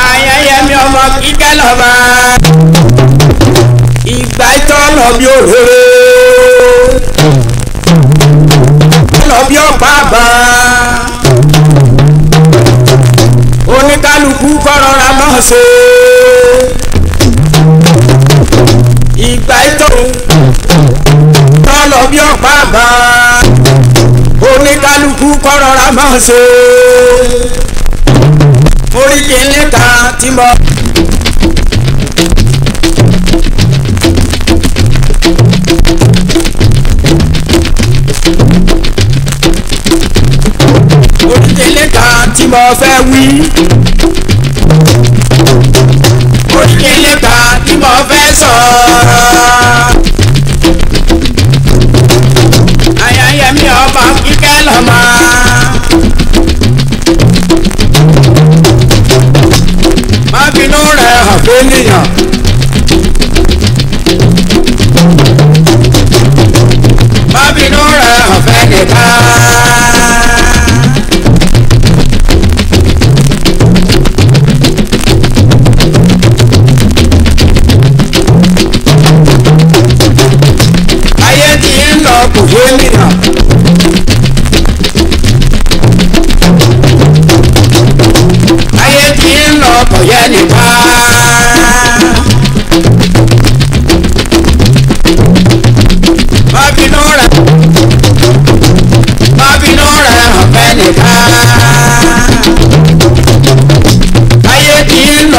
ayẹyẹmí ọmọ kíkẹ́ lọ́ba ìgbà ìtọ́ lọ́bí òróró lọ́bí ọ̀pá àbá oníkálukú kọ́rọ̀ ra mọ́ ṣe ìgbà ìtọ́ tọ́ lọ́bí ọ̀pá àbá oníkálukú kọ́rọ̀ ra mọ́ ṣe oríkì ńlẹ́ka tí mo. oríkì ńlẹ́ka tí mo fẹ́ wí. oríkì ńlẹ́ka tí mo fẹ́ sọ̀rọ̀. ayẹyẹ mi ọba kíkẹ́ lọ́mọ. Yeah.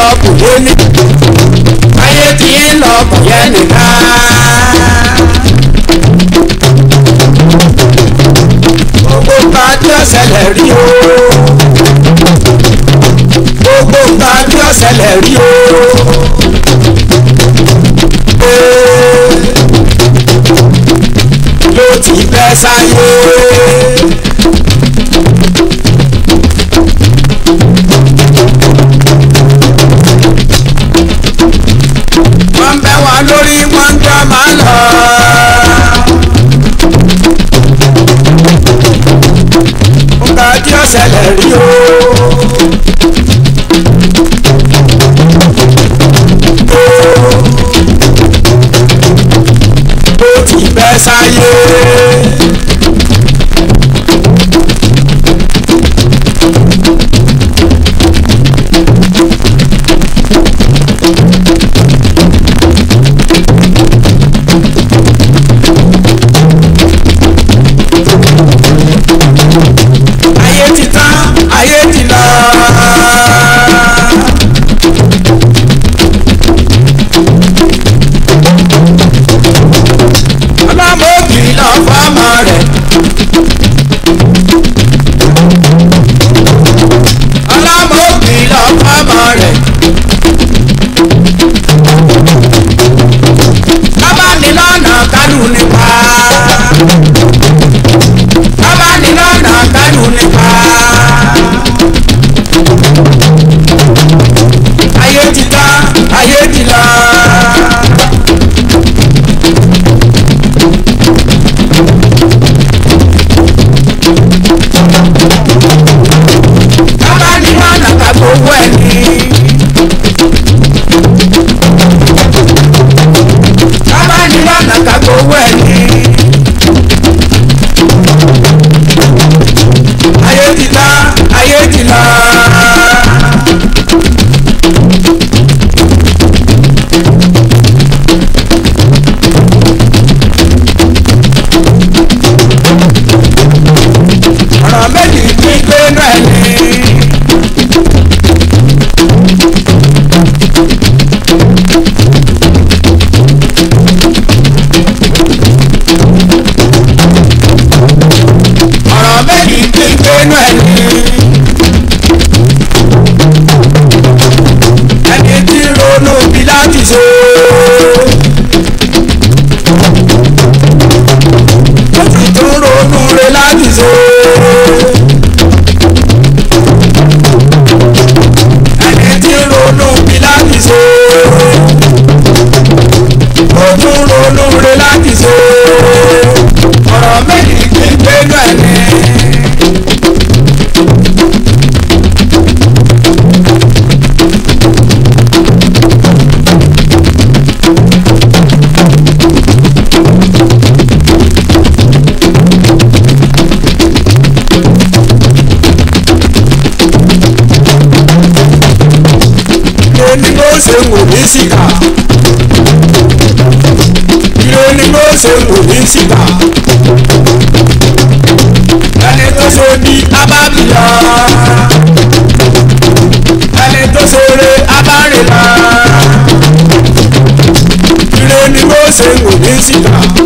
lọ kò wọlé ayé tí ń lọ kò yẹ nìkan. gbogbo nǹkan tí ó ṣẹlẹ̀ rí o gbogbo nǹkan tí ó rí o. ló ti bẹ́ sáyé. ṣẹlẹ̀ rí o. you ire ni mo ṣe wò ní síkà ire ni mo ṣe wò ní síkà ẹni tó so di abábìlà ẹni tó so re abárìlà ire ni mo ṣe wò ní síkà.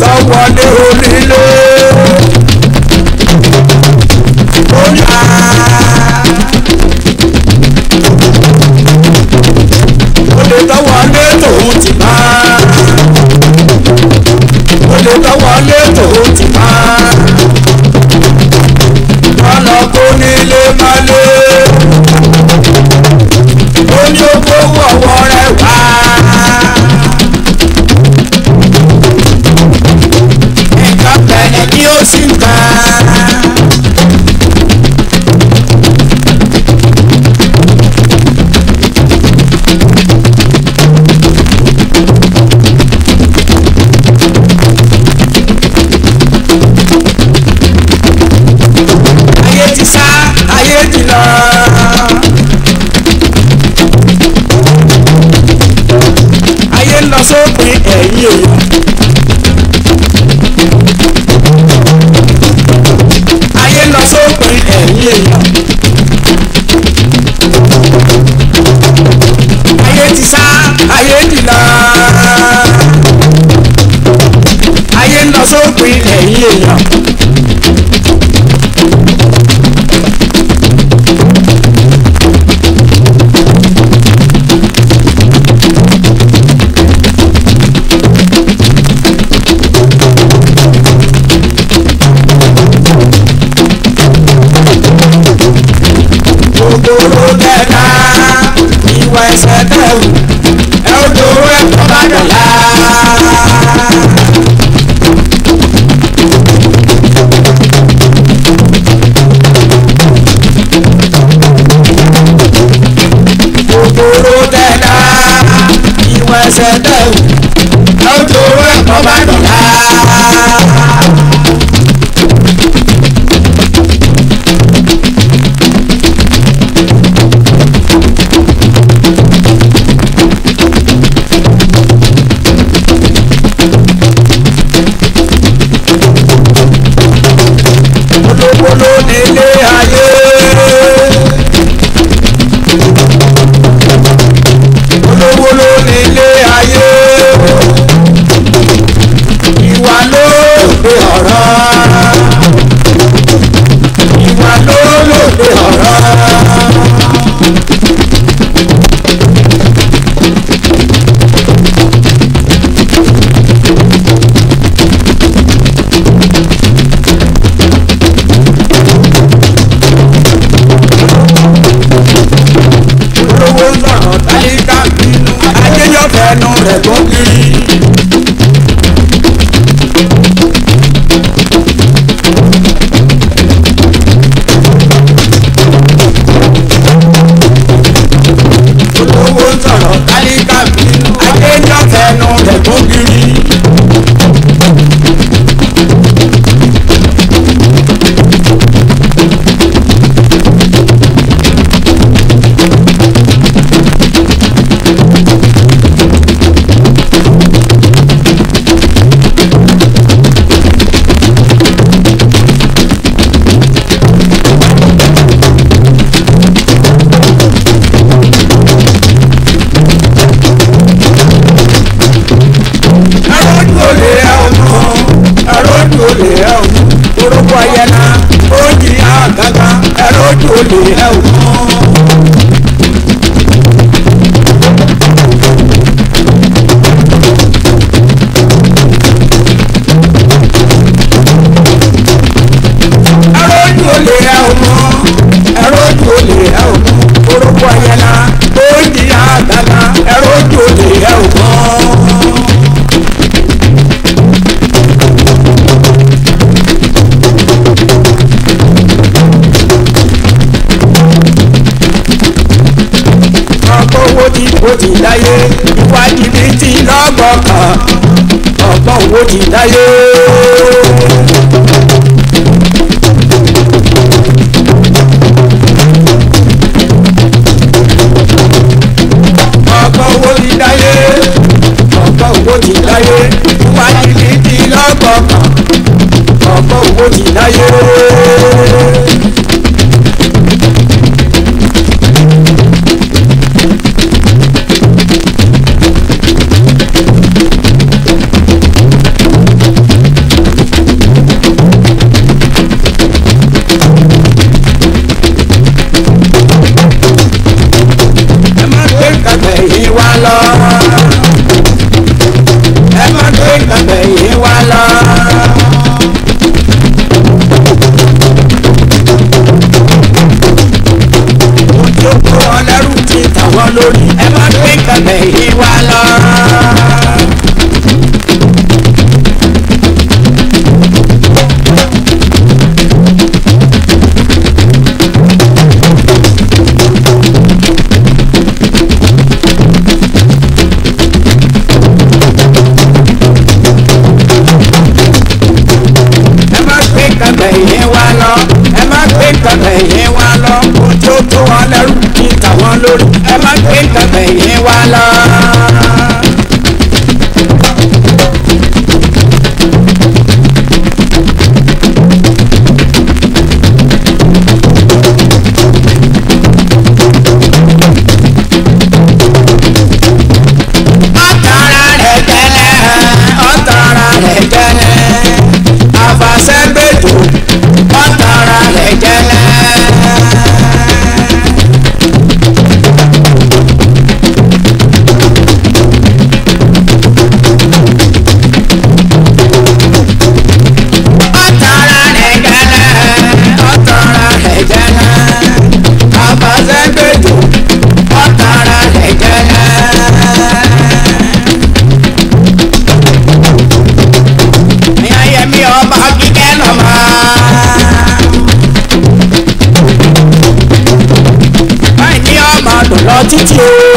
tòótọ́ wọlé olè. God. owó ti dáyé ìwà jìbìtì lọ́gbọ̀kàn ọgbọ́n owó ti dáyé. lórí ẹ má gbé nǹkan bẹ̀yìn wá lọ. títí o.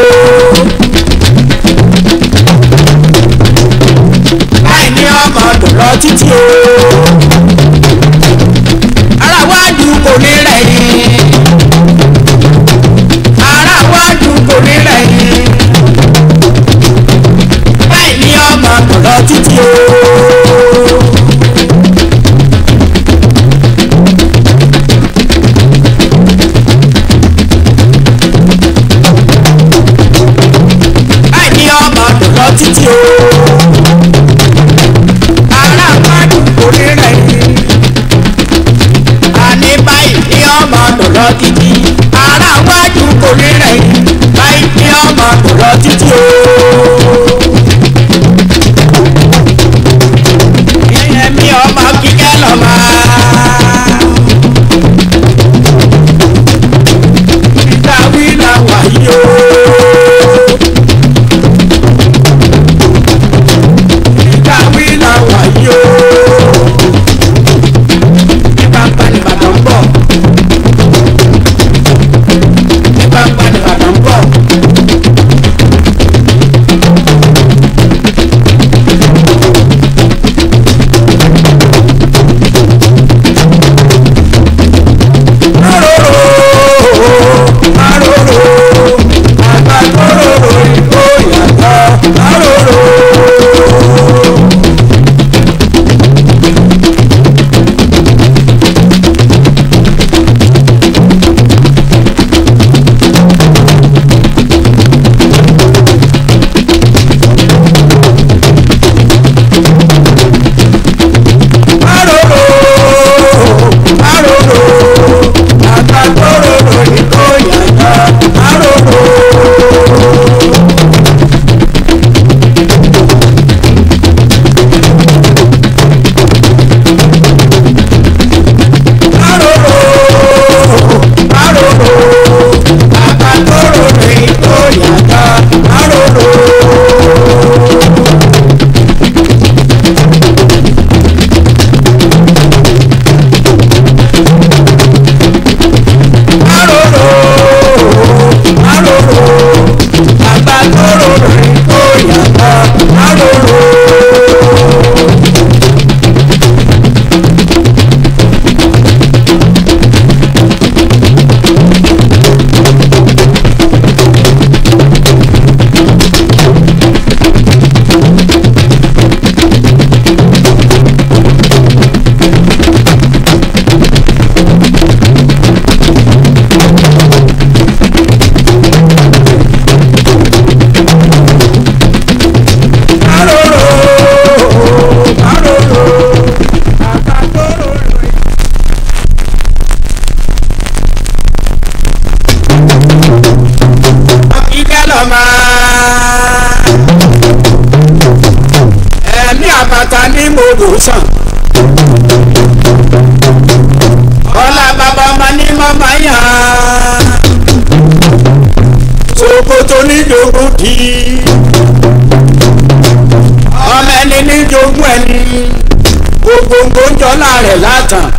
rẹ̀ látàn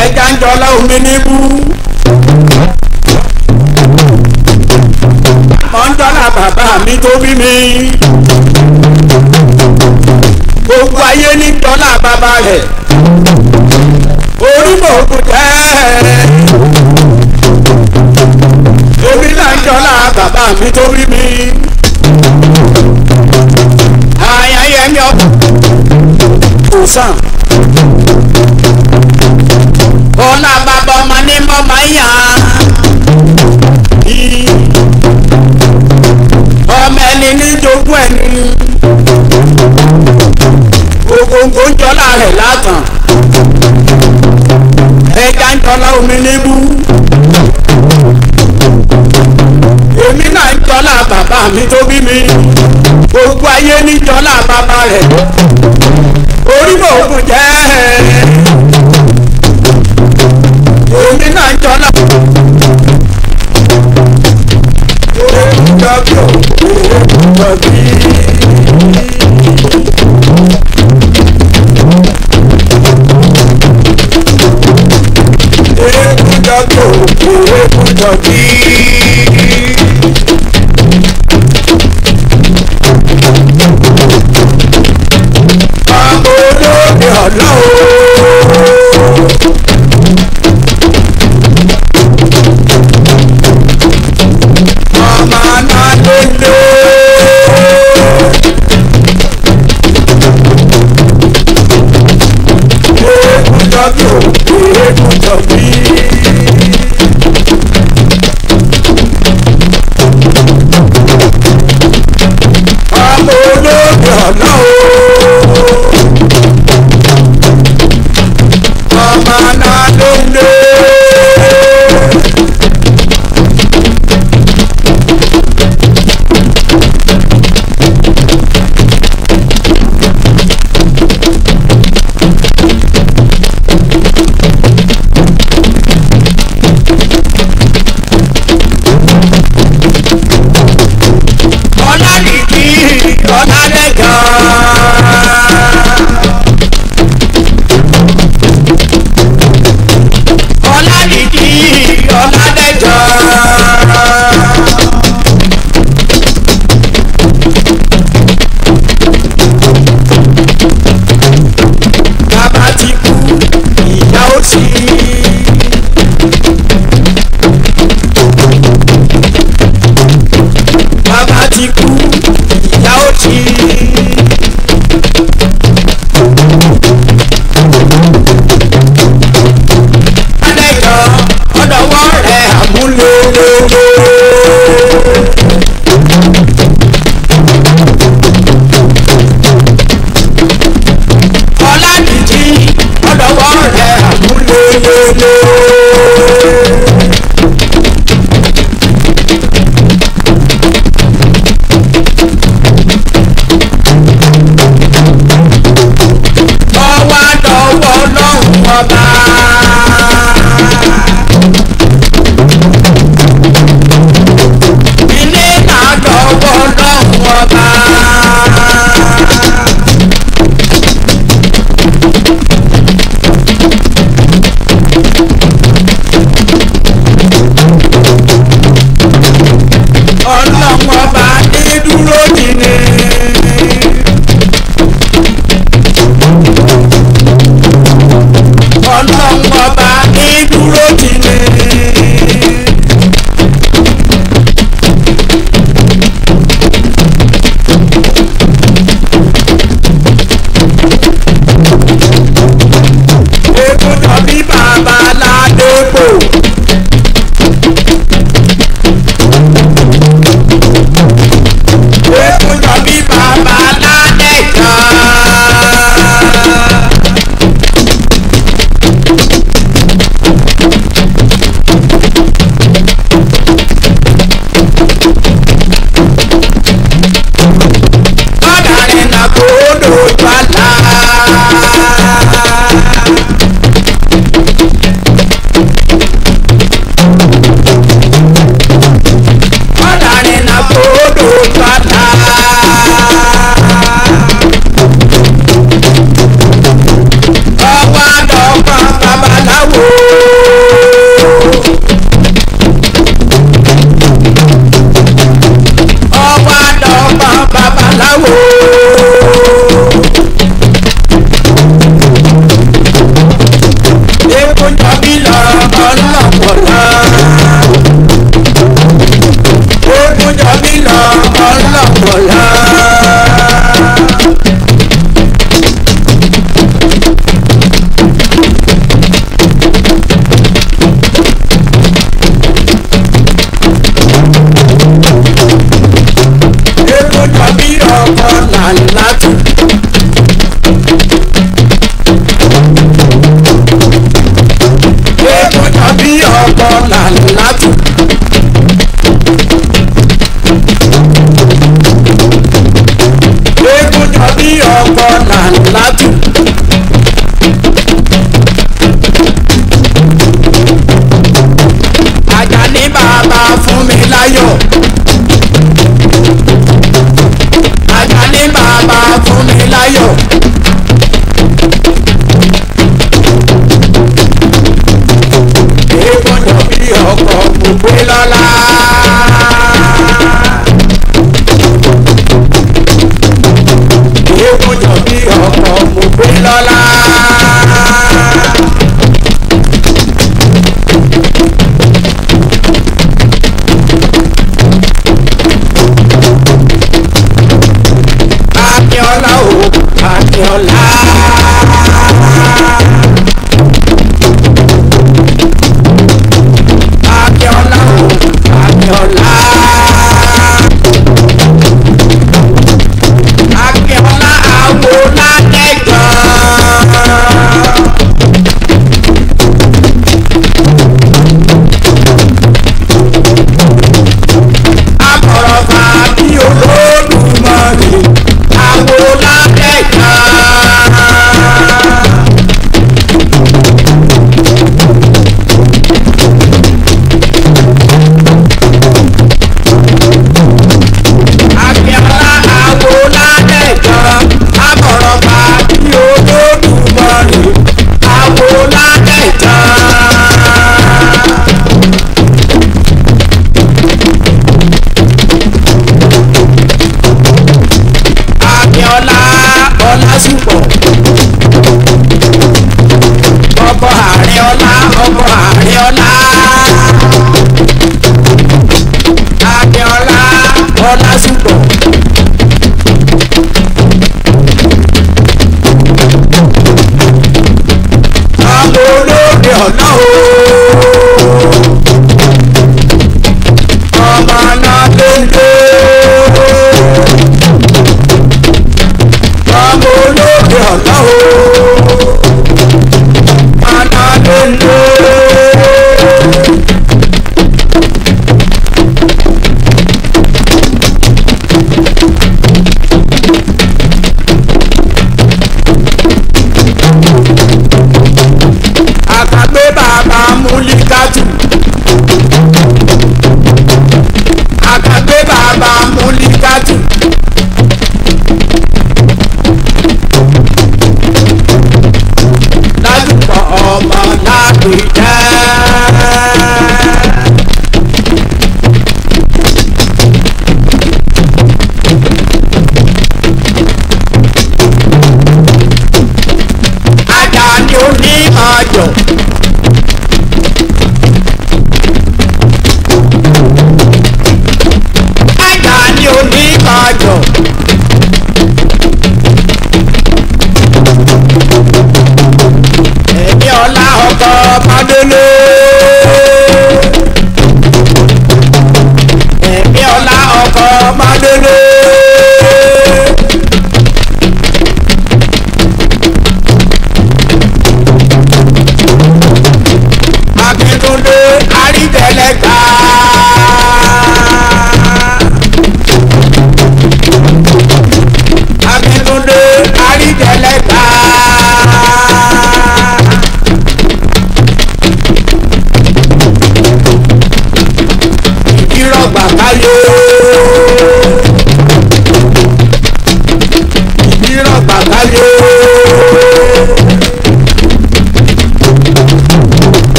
ẹja ń jọlá omi níbú mọ̀ ń jọlá bàbá mi tó bí mi gbogbo ayé ní jọlá bàbá rẹ̀ orí mò ń kú náà ń jọlá bàbá mi tó bí mi. sàn. kọ́lá bàbá ọmọ ní mọ́mọ́ yàn. ọmọ ẹni ní jogún ẹni. ògòǹgò ń jọlá rẹ̀ látàn. ẹja ń jọlá omi níbú. èmi náà ń jọlá bàbá mi tó bí mi. gbogbo ayé ní jọlá bàbá rẹ̀ torí mò ń bù jẹ́ èmi náà ń jọ́nà. Thank you. no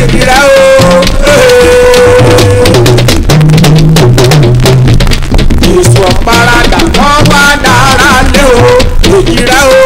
èkìrà o. èso ọ̀paradà wọ́n wá dára lé o èkìrà o.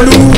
Olu.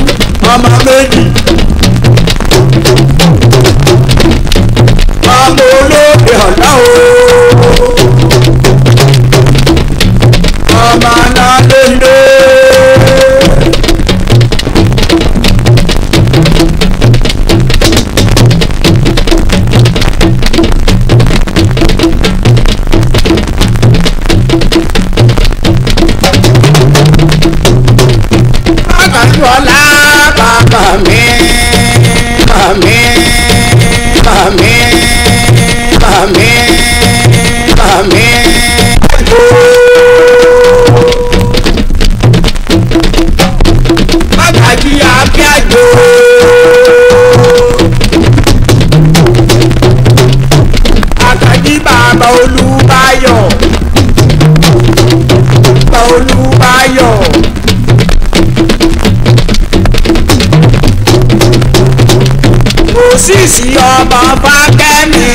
moses ọmọ fákẹ́mi.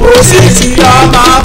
moses ọmọ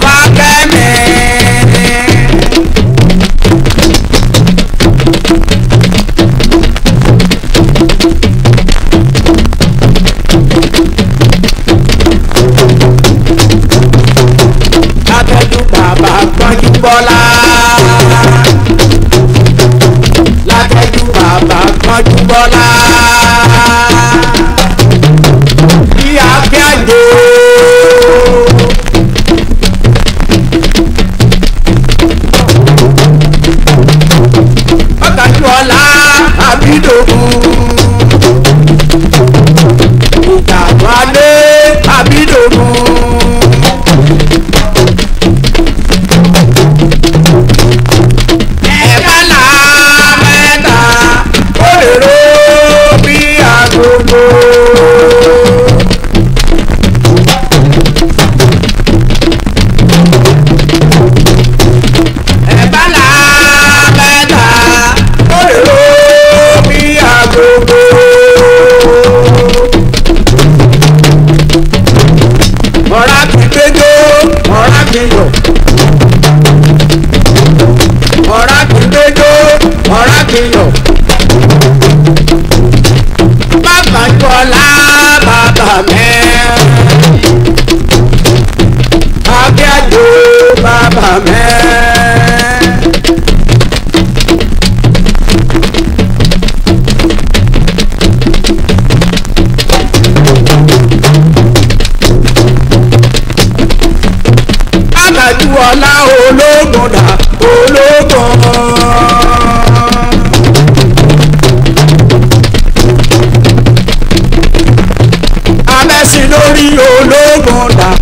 Hola